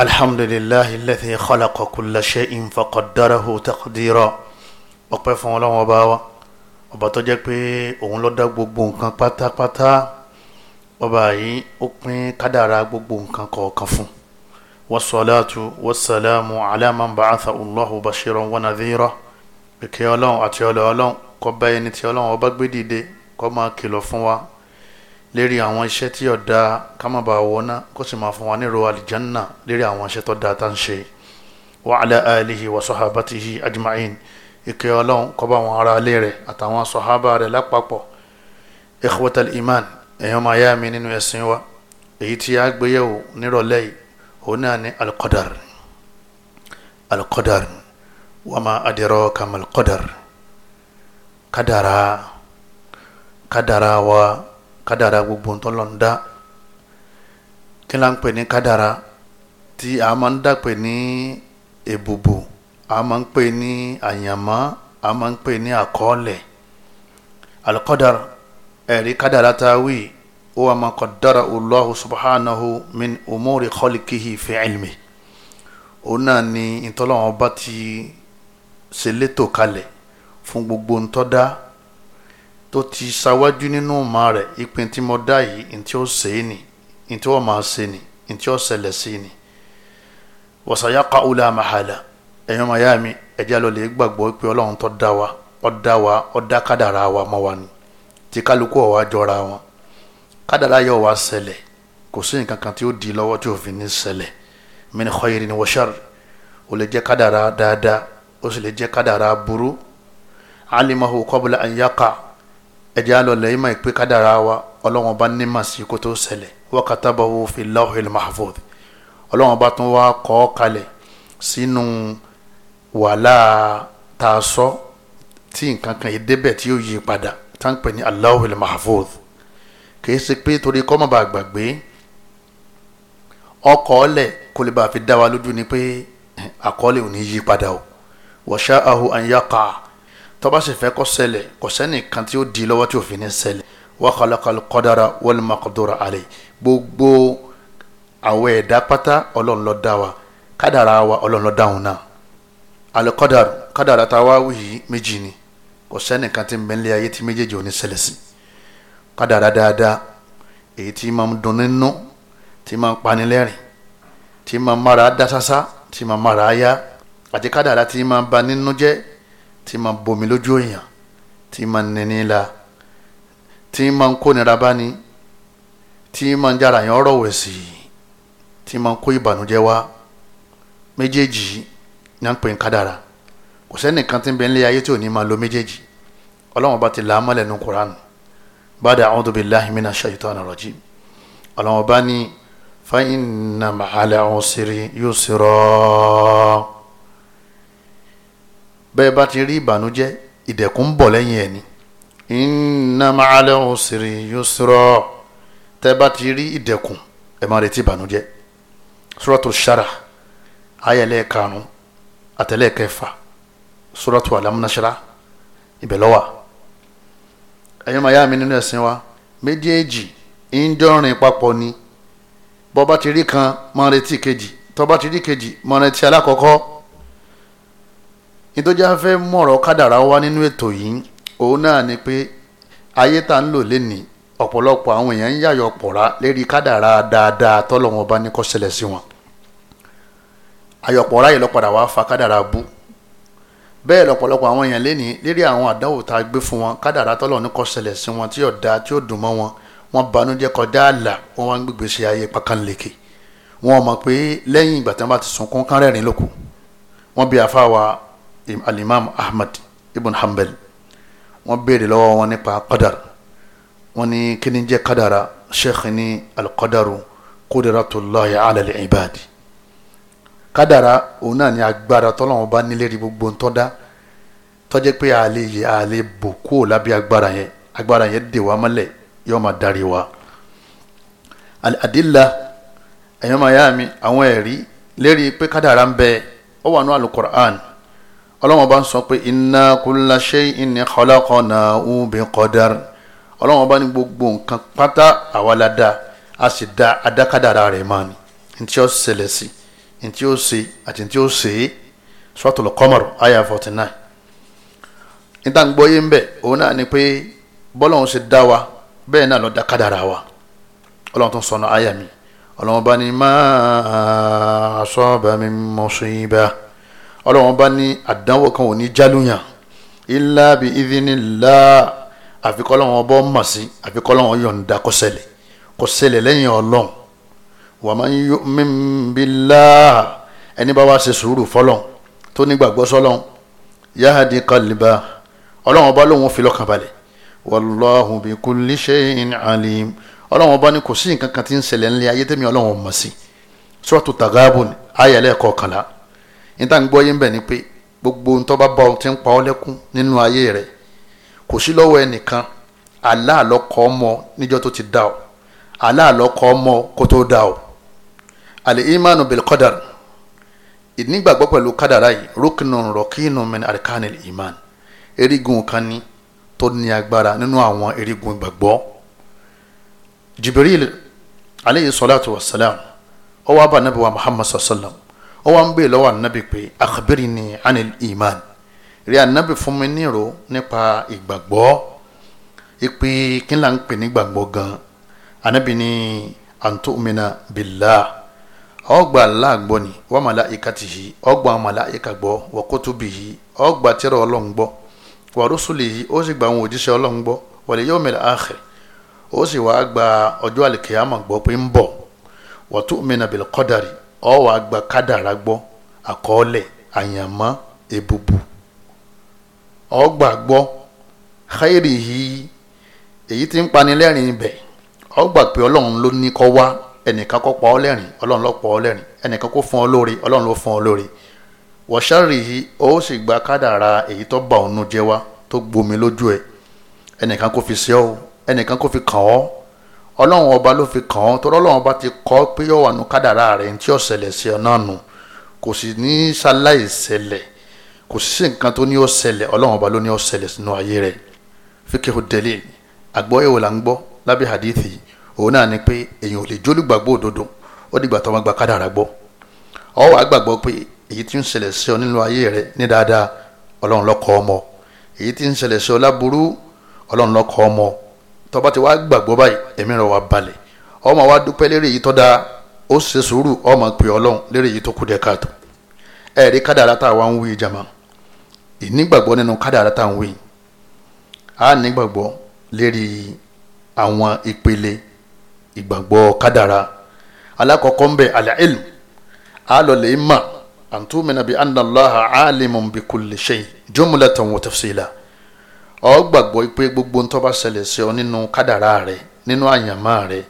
الحمد لله الذي خلق كل شيء فقدره تقديرا ọpẹ́ fún Ọlọ́run ọba wa ọba tó jẹ́ pé òun ló dá gbogbo nǹkan pátápátá ọba yìí ó pín kádàrá gbogbo nǹkan kọ̀ọ̀kan fún wasalaatu wasalaamu alaaman ba'atha allahu bashiran wa nadhira kìkì Ọlọ́run àti ọlọ Ọlọ́run ẹni tí Ọlọ́run ọba gbé dìde máa kìlọ̀ fún wa lérí àwọn iṣẹ́ tí ọ̀dà ká má bàa wọná kó sì máa fún wa nírò àlìjánná lérí àwọn iṣẹ́ tó dáa tá ń ṣe wa ala alihi wa sahabatihi ajma'in ìkẹ́ ọlọ́run kó bá àwọn ará ilé rẹ̀ àtàwọn sọ̀hábà rẹ̀ lápapọ̀ ikhwatal iman èèyàn máa yá mi nínú ẹ̀sìn wa èyí tí a gbé yẹ̀wò nírọ̀lẹ́ yìí òun náà ní alqadar alqadar wa ma adraka mal kádàrá kádàrá wa kádàrà gbogbo ntọ́lọ́n dá kí la ń pè ní kádàrà tí a máa ń dàpè ní èbùbù a máa ń pè ní àyànmọ́ a máa ń pè ní àkọọ́lẹ̀ alikọ́dàr ẹ̀rí kádàrà tá a wí huwa ma qaddara Allahu subhanahu min umuri khaliqihi fi ilmi òun náà ni ntọ́lọ́wọ́n bá ti ṣe létò fún gbogbo ntọ́dá tó ti ṣáwájú nínú ọmọ rẹ̀ ìpín tí mo dá yìí ntí ó ṣe é ni ntí ó máa ṣe ni ntí ó ṣẹlẹ̀ sí ni wọ̀sàyà kàúlà màhàlà ẹ̀yọ́ màyà mi ẹ̀jẹ̀ lọ lè gbàgbọ́ pé ọlọ́run tó dá wa ó dá wa ó dá kádàrá wa mọ́ wa ni tí kálukú ọ̀wá jọra wọn kádàrá yóò wá ṣẹlẹ̀ kò sí nǹkan kan tí ó di lọ́wọ́ tí òfin ní ṣẹlẹ̀ min khayrin wa shar ó lè jẹ́ kádàrá dáadáa ó sì lè jẹ́ kádàrá burú alimahu qabla an ẹjẹ́ alọ́lẹ̀ yìí máa pé kádàrá wa ọlọ́wọ́n bá ní màsí kó tó ṣẹlẹ̀ wa katabahu fi lawhil mahfuz ọlọ́wọ́n bá tún wá kọ́ kalẹ̀ sínú wàhálà tá a sọ tí nǹkan kan yìí débẹ̀ tí yóò yí padà tá pè ní lawhil mahfuz kìí ṣe pé torí kọ́ gbàgbé ọkọ̀ ọ̀lẹ̀ kó lè bá fi dá wa lójú ni pé àkọọ́lẹ̀ ò ní yí padà o wa sha'ahu an yaqa' tó bá sì fẹ́ kó ṣẹlẹ̀ kò sẹ́nìkan tí ó di lọ́wọ́ tí òfin ní ṣẹlẹ̀ wa khalaqal qadara wal maqdura alayhi gbogbo àwọn ẹ̀dá pátá ọlọ́run ló dá wa kádàrá wa ọlọ́run ló dá òun náà al-qadar kádàrá tá a wá yìí méjì ni kò sẹ́nìkan tí ń bẹ nílé ayé tí méjèèjì ò ní ṣẹlẹ̀ sí kádàrá èyí tí máa ń dùn nínú tí máa ń pani lẹ́rìn tí máa ń mára àti kádàrá tí máa ba nínú jẹ́ tí ma bomi lójú èèyàn tí ma nini la tí ma ń kónira bá ní tí ma ń jára yẹn ọ̀rọ̀ wẹ̀sì tí ma ń kó ìbànújẹ́ wá méjèèjì ní à ń pè ń kádàrà kò sẹ́nìkan tí ń bẹ nílé ayé tí ò ní máa lo méjèèjì ọlọ́run bá ti là nu kuranu bada a'udhu billahi minash shaitani rajim ọlọ́run bá ní fa inna ma'al usri yusra. bẹ́ẹ̀ bá ti rí ìbànújẹ́ ìdẹ̀kùn ń bọ̀ lẹ́yìn ẹ̀ ni inna ma'ala usri yusra tẹ́ bá ti rí ìdẹ̀kùn ẹ̀ máa retí ìbànújẹ́ shara ayẹlẹ́ karùn-ún àtẹlẹ́ kẹfà wa méjèèjì papọ̀ ni bọ́ bá ti rí kan ìtọ́jà fẹ́ mọ̀rọ̀ kádàrá wá nínú ètò yìí òun náà ni pé ayé tá ń lò lénìí ọ̀pọ̀lọpọ̀ àwọn èèyàn ń yàyọ̀ pọ̀ra lérí kádàrá dáadáa tọ́lọ́wọ́n bá ní kó ṣẹlẹ̀ sí wọn àyọ̀pọ̀ra yìí lọ́padà wá fa kádàrá bú bẹ́ẹ̀ lọ́pọ̀lọpọ̀ àwọn èèyàn lénìí lérí àwọn àdánwò tá a gbé fún wọn kádàrá tọ́lọ́wọ́n ní kó ṣẹlẹ̀ sí wọn tí yóò da tí yóò dùn mọ́ wọn wọn banújẹ́ kọjá àlà wọn wá ń gbégbé ṣe ayé pákánleke wọn mọ̀ pé lẹ́yìn ìgbà tí wọn bá ti sunkún kán rẹ́rìn lóko wọn bí àfa wa alimami ahmed ibn hanbal wọ́n béèrè lọ́wọ́ wọn nípa qadar wọ́n ní kí ni jẹ́ qadara sheikh ní alqadaru qudratullahi ala al-ibad qadara òun náà ní agbára tọ́lọ́wọ́n bá nílé rí gbogbo ń tọ́da tọ́jẹ́ pé àlè yìí àlè bò kúrò lábẹ́ agbára yẹn agbára yẹn dè wá mọ́lẹ̀ yóò máa darí wa al-adilla ẹ̀yọ́ màyà mi àwọn ẹ̀rí lérí pé qadara ń bẹ ọ wà nù alukur'an ọlọ́wọ́n bá ń sọ pé inna kulla shay'in khalaqnahu bi qadar ọlọ́wọ́n bá ní gbogbo nǹkan pátá àwa la dá a sì dá adákàdára rẹ̀ máa ní ntí ó ṣẹlẹ̀ sí ntí ó ṣe àti ntí ó ṣe é Suratul Qamar aya forty nine níta ń gbọ́ yé ń òun náà ni pé bọ́lọ́hún ṣe dá wa bẹ́ẹ̀ náà ló dá kádàrá wa ọlọ́run tó sọnù aya mi ọlọ́run bá ní ma asaba min musiba ọlọ́run bá ní àdánwò kan ò ní jálùyàn ilá bi idinilá àfikọ́lọ́run ọbọ̀ mọ̀ sí àfikọ́lọ́run yọ̀ǹda kó ṣẹlẹ̀ kó ṣẹlẹ̀ lẹ́yìn ọlọ́run wa man yu'min billah ẹni bá wá ṣe sùúrù fọlọ́n tó nígbàgbọ́ sọlọ́n yahadi kalba ọlọ́run ọba lòun fi lọ́kàn balẹ̀ wallahu bi kulli shay'in alim ọlọ́run ọba ní kò sí nǹkan kan tí ń ṣẹlẹ̀ ńlẹ̀ ayé tẹ́mi ọlọ́run mọ̀ sí suratu tagabun ayẹlẹ́ kọkànlá níta ń gbọ́ yé ń bẹ̀ ni pé gbogbo ń tọ́ba bá ọ ti ń pa ọ́ lẹ́kún nínú ayé rẹ̀ kò sí lọ́wọ́ ẹnìkan Allah ló kọ ọ́ mọ níjọ́ tó ti dá ọ Allah ló kó tó dá ọ. al-imanu bil ìnígbàgbọ́ pẹ̀lú kádàrá yìí rúkìnnùn rọ̀kìnnùn min arkanil iman erigun kan ni tó ní agbára nínú àwọn erigun ìgbàgbọ́ Jibril aleyhi salatu wa salam ó wá wa Muhammad sallallahu ó wá ń bè lọ́wọ́ ànábì pé akhbirni anil iman rí ànábì fún mi nírò nípa ìgbàgbọ́ ìpè kí n là ń pè ní gbàgbọ́ gan ànábì ní an tu'mina billah ọgbà Allah gbọ́ ni wa malaikatihi ọgbà màláìka gbọ́ wa kutubihi ọgbà tírà Ọlọ́run gbọ́ wa rusulihi ó sì gba àwọn òjíṣẹ́ Ọlọ́run gbọ́ wal yawmil akhir ó sì wá gba ọjọ́ àlìkèyàmọ̀ gbọ́ pé ń bọ̀ wa tu'mina bil qadari ọ wàá gba kádàrá gbọ́ àkọọ́lẹ̀ àyànmọ́ èbùbù ọ gbà gbọ́ xayiri yìí èyí tí ń pani lẹ́rìn ibẹ̀ ọ gbà pé ọlọ́run ló ní kọ́ wá ẹnìkan kọ́ pa ọ́ lẹ́rìn ọlọ́run ló pa ọ́ lẹ́rìn ẹnìkan kó fún ọ lóore ọlọ́run ló fún ọ lóore wọ̀ṣárì yìí ó sì gba kádàrá èyí tó bà ọ́nú jẹ́ wá tó gbomi lójú ẹ ẹnìkan kó fi ṣe ọ́ ẹnìkan kó fi kàn ọ́ ọlọ́run ọba ló fi kàn án torí ọlọ́run ọba ti kọ́ pé yọ̀ wà nù kádàrá rẹ̀ tí ó ṣẹlẹ̀ sí ọ náà nù kò sì ní ṣaláì ṣẹlẹ̀ kò sí nǹkan tó ní ó ṣẹlẹ̀ ọlọ́run ọba ló ní ó ṣẹlẹ̀ sínú ayé rẹ̀ fíkẹ́ òdẹ́lẹ̀ àgbọ̀ èwo là ń gbọ́ lábẹ́ hadithi òun náà ni pé èèyàn ò lè jólúgbàgbọ́ òdodo ó dìgbà tó wọn gba kádàrá gbọ́ ọ wàá gbàgbọ́ pé èyí tí ń ṣẹlẹ̀ sí ọ nínú ayé rẹ ní dáadáa ọlọ́run ló ọmọ èyí tí ń ṣẹlẹ̀ sí ọ láburú ọlọ́run ló ọmọ tó bá ti wá gbàgbọ́ báyìí ẹ̀mí rẹ̀ wá balẹ̀ ó máa wá dúpẹ́ lérè yìí tó dáa ó ṣe sùúrù ó máa pè ọlọ́run lérè yìí tó kù dẹ̀ káàtó ẹ̀rí kádàrá tá a wá ń wí jama ìnígbàgbọ́ nínú kádàrá tá a ń wí a nígbàgbọ́ lérí àwọn ìpele ìgbàgbọ́ kádàrá alákọ̀ọ́kọ́ ń bẹ al a lọ lè mà antumina bi anna Allaha alimun bi kulli shay ọ gbàgbọ́ pé gbogbo ń tó ṣẹlẹ̀ sí ọ nínú kádàrá rẹ nínú àyànmọ́ rẹ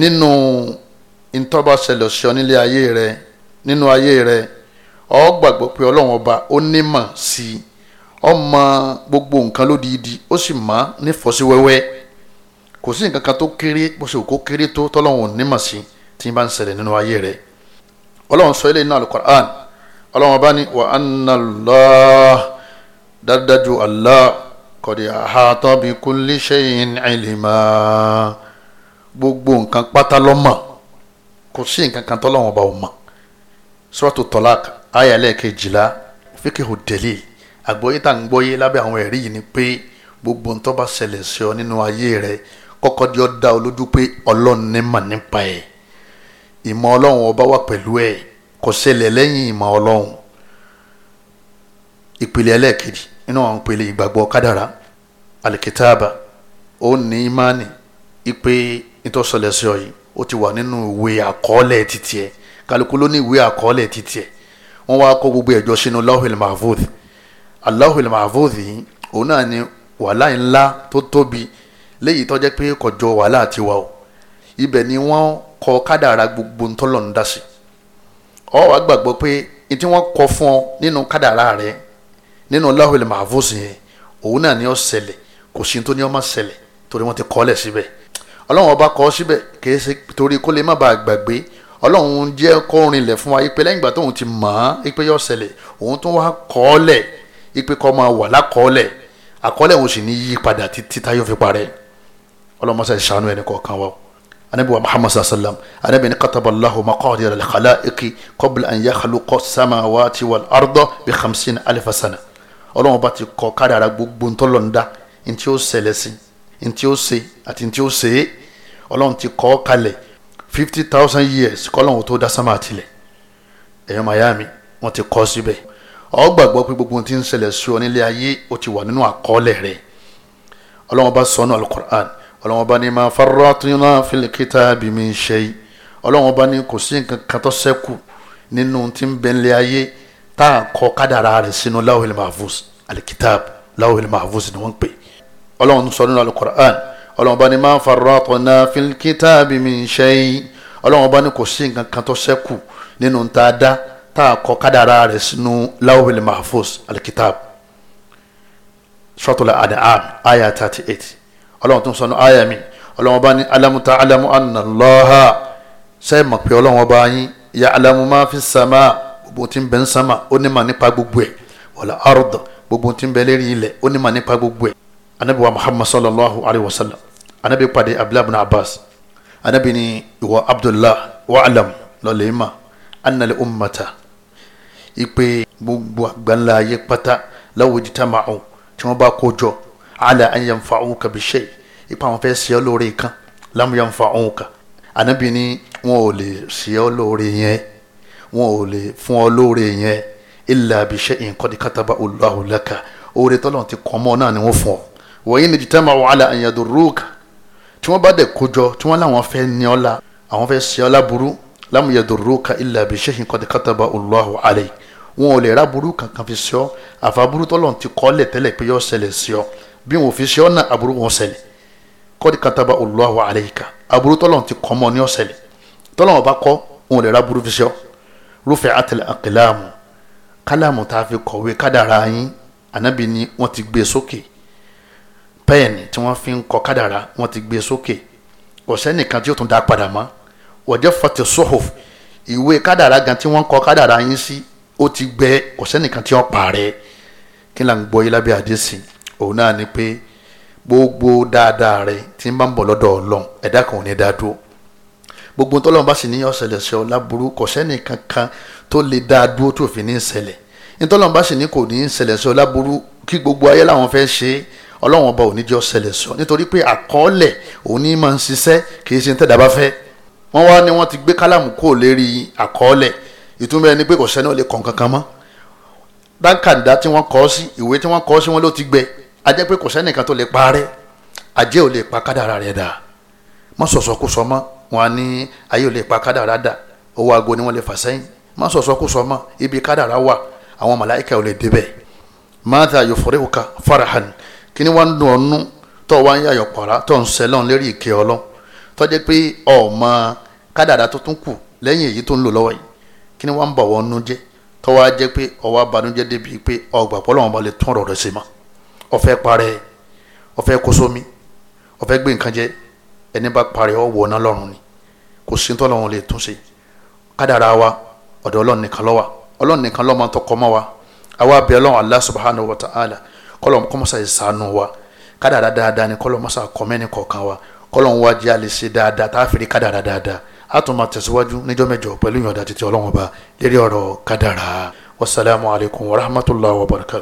nínú ń tó ṣẹlẹ̀ sí ọ nílé ayé rẹ nínú ayé ọ gbàgbọ́ pé ọlọ́run ọba ó nímọ̀ ọ mọ gbogbo nǹkan lódìídì ó sì mọ̀ nífọ̀síwẹ́wẹ́ kò sí nǹkan kan tó kéré bó ṣe kó kéré tó tọ́lọ́run ò nímọ̀ sí tí bá dájúdájú Allah kọ̀dí àhàtọ́ bíi kulli shay'in ilma gbogbo nǹkan pátá lọ́mọ̀ kò sí nǹkan kan tọ́lọ́wọ́n bá wọn mọ̀ suratu talaq aya lẹ́ẹ̀kejìlá fíkìhù délé àgbọ́yé tá à ń gbọ́yé lábẹ́ àwọn ẹ̀rí yìí ni pé gbogbo ǹ bá ṣẹlẹ̀ sí ọ nínú ayé rẹ kọ́kọ́ di ọ́ dá ọ lójú pé ọlọ́run ní mà nípa ẹ̀ ìmọ̀ ọlọ́run ọba wà pẹ̀lú ẹ̀ kò ṣẹlẹ̀ lẹ́yìn ìmọ̀ ọlọ́run ìpele ẹlẹ́ẹ̀kejì nínú àwọn ìpele ìgbàgbọ́ kádàrá alikitaaba ó ní imáni ipe nítòsọlẹ̀ sí ọ yìí ó ti wà nínú ìwé àkọọ́lẹ̀ títí ẹ̀ kálukú ló ní ìwé àkọọ́lẹ̀ títí ẹ̀ wọ́n wá kó gbogbo ẹ̀jọ́ sínú lahul mahfuz allahul mahfuz yìí òun náà ni wàhálà ńlá tó tóbi léyìí tó jẹ́ pé kọjọ wàhálà ti wà o ibẹ̀ ni wọ́n kọ kádàrá gbogbo ntọ́lọ́ndásí ọ wàá gbàgbọ́ pé ní wọ́n kọ fún ọ nínú kádàrá rẹ̀ nínú lahul mahfuz yẹn òun náà ni ó ṣẹlẹ̀ kò sí tó ní ó má ṣẹlẹ̀ torí wọ́n ti kọ́lẹ̀ síbẹ̀ ọlọ́run ọba kọ́ síbẹ̀ kì í ṣe torí kó lè má bàa gbàgbé ọlọ́run jẹ́ kó rinlẹ̀ fún wa ipe lẹ́yìn ìgbà tóun ti mọ̀ ọ́n ipe yóò ṣẹlẹ̀ òun tó wá kọ́lẹ̀ ipe kọ́ máa wà lákọ́lẹ̀ àkọ́lẹ̀ òun sì ní yí padà títí táyọ̀ fi parẹ́ ọlọ́mọṣẹ́ ìṣàánú ọlọ́run bá ti kọ kárí ara gbogbo ntọ́lọ̀ ń dá ntí ó ṣẹlẹ̀ sí ntí ó ṣe àti ntí ó ṣe é ọlọ́run ti kọ kalẹ̀ fifty thousand years kọ́lọ́run tó dá sámà tilẹ̀ ẹ̀yọ́ miami wọ́n ti kọ́ síbẹ̀ ó gbàgbọ́ pé gbogbo ti ń ṣẹlẹ̀ sí ọ nílé ayé ó ti wà nínú àkọọ́lẹ̀ rẹ̀ ọlọ́run bá sọ alukur'an ọlọ́run bá ní ma farratna fil kitabi min shay ọlọ́run bá ní kò sí nǹkan kan tó ṣẹ́kù nínú ti ń bẹ́ńlẹ̀ ayé tá à kọ kádàrá rẹ̀ sínú lawhil mahfuz alikitab lawhil mahfuz ni wọ́n ń pè ọlọ́run sọ nínú alukur'an ọlọ́run bá ní ma farratna fil kitabi min shay ọlọ́run bá ní kò sí nǹkan kan tó ṣẹ́kù nínú ta dá tá à kọ kádàrá rẹ̀ sínú lawhil mahfuz alikitab suratul an'am aya thirty eight ọlọ́run tó ń aya mi ọlọ́run bá ní alamu anna Allaha sẹ́ẹ̀ mọ̀ pé ọlọ́run bá yín ya'lamu ma fi sama gbogbo tí ń bẹ ń sánmà ó ní mà nípa gbogbo ẹ̀ wàlà àrùdọ̀ gbogbo tí ń bẹ lérí ilẹ̀ ó ní mà nípa gbogbo ẹ̀ anabi wa muhammad sallallahu alayhi wa sallam anabi pàdé abdullahi bin abbas anabi ni ìwọ abdullahi wa alam lọlẹ́ ma annali ummata ipe gbogbo àgbáńlá ayé pátá láwùjọ tá máa tí wọ́n bá kó jọ ala an yanfa'uka bi shay ipa àwọn fẹ́ ṣe ọ́ lóore kan lam yanfa'uka anabi ni wọn ò lè ṣe ọ́ lóore wọn ò lè fún ọ lóore yẹn illa bi shay'in qad kataba Allahu laka oore tọ́lọ̀ ti kọ́ mọ́ náà ni wọ́n fún ọ wa in ijtama'u ala an yadurruka tí wọ́n bá dẹ̀ kójọ wọn ò lè ra burú kankan fi ṣe ọ àfàburú tọ́lọ̀ ti kọ́ lẹ̀ tẹ́lẹ̀ pé yọ ṣẹlẹ̀ ṣe bí wọn ò fi ṣe náà aburú wọn ṣẹlẹ̀ qad kataba Allahu alayka aburú tọ́lọ̀ ti kọ́ mọ́ ní ọ̀ṣẹ̀lẹ̀ tọ́lọ̀ wọn bá kọ́ wọn ò lè ra burú fi ṣe rúfẹ́ àtẹlẹ àkìláàmù káláàmù tá a fi kọ̀wé kádàrá yín ànábì ni wọ́n ti gbé e sókè pẹ́ẹ̀nì tí wọ́n fi ń kọ kádàrá wọ́n ti gbé e sókè ọ̀sẹ́ nìkan tí ó tún dá padà mọ́ wọ́jọ́ fọ́tẹ̀ sọ́hùf ìwé kádàrá gan tí wọ́n kọ kádàrá yín sí ó ti gbẹ ọ̀sẹ́ nìkan tí wọ́n pààrẹ̀ kí là ń gbọ́ yín lábẹ́ àdéhùn òun náà ni pé gbogbo dáadáa rẹ tí ń bá ń bọ̀ lọ́dọ̀ ọlọ́run ẹ̀dá kan ò ní dá dúró gbogbo tọ́lọ́run bá sì ní ó ṣẹlẹ̀ sí ọ láburú kò sẹ́ni kankan tó lè dá a dúró tó fi ní í ṣẹlẹ̀ nítọ́lọ́run bá sì ní kò ní í ṣẹlẹ̀ sí ọ láburú kí gbogbo ayé làwọn fẹ́ ṣe é ọlọ́run ọba òní jọ ṣẹlẹ̀ sọ nítorí pé àkọọ́lẹ̀ òní máa ń ṣiṣẹ́ kì í ṣe tẹ́dá bá fẹ́ wọ́n wá ní wọ́n ti gbé kálàmù kó lérí àkọọ́lẹ̀ ìtumọ̀ ẹni pé kò wọn á ní ayé ò lè pa kádàrá dà owó aago ni wọ́n lè fà sẹ́yìn má sọ̀sọ́ kó sọ mọ́ ibi kádàrá wà àwọn màláìka ò lè débẹ̀ mata yòfòrèwòka farahan kí ni wọ́n ń dùn ọ́nú tó wá ń yàyọ̀ pàrà tó ń sẹ́lọ̀ lérí ìkẹ́ ọlọ́ tó jẹ́ pé ọ̀ọ́mọ kádàrá tó tún kù lẹ́yìn èyí tó ń lò lọ́wọ́ yìí kí ni wọ́n ń bọ̀ wọ́n nú jẹ́ tó wá pé ọwọ́ abanújẹ́ débi pé ọgbà pọ́lọ́ wọn bá lè tún ọ̀rọ̀ rẹ̀ sí ma ọ̀fẹ́ parẹ́ ọ̀fẹ́ kósómi ọ̀fẹ́ gbé nǹkan jẹ́ ẹni bá parí ọ wọ̀ náà lọ́rùn ni kò sí tó lọ́rùn lè tún ṣe kádàrá wa ọ̀dọ̀ ọlọ́run nìkan ló wà ọlọ́run nìkan ló máa tọkọ mọ́ wa àwa bẹ ọlọ́run Allah subhanahu wa ta'ala kọ́lọ̀ kọ́mọ́sà ìsànù wa kádàrá dáadáa ni kọ́lọ̀ mọ́sà kọ́mẹ́ni kọ̀ọ̀kan wa kọ́lọ̀ wá jẹ́ àlè ṣe dáadáa tá a fèrè kádàrá dáadáa a tún máa tẹ̀síwájú níjọ́ mẹ́jọ pẹ̀lú ìyọ̀ǹda títí ọlọ́run ọba lérí ọ̀rọ̀ kádàrá wasalaamualeykum wa rahmatulah wa barakatu.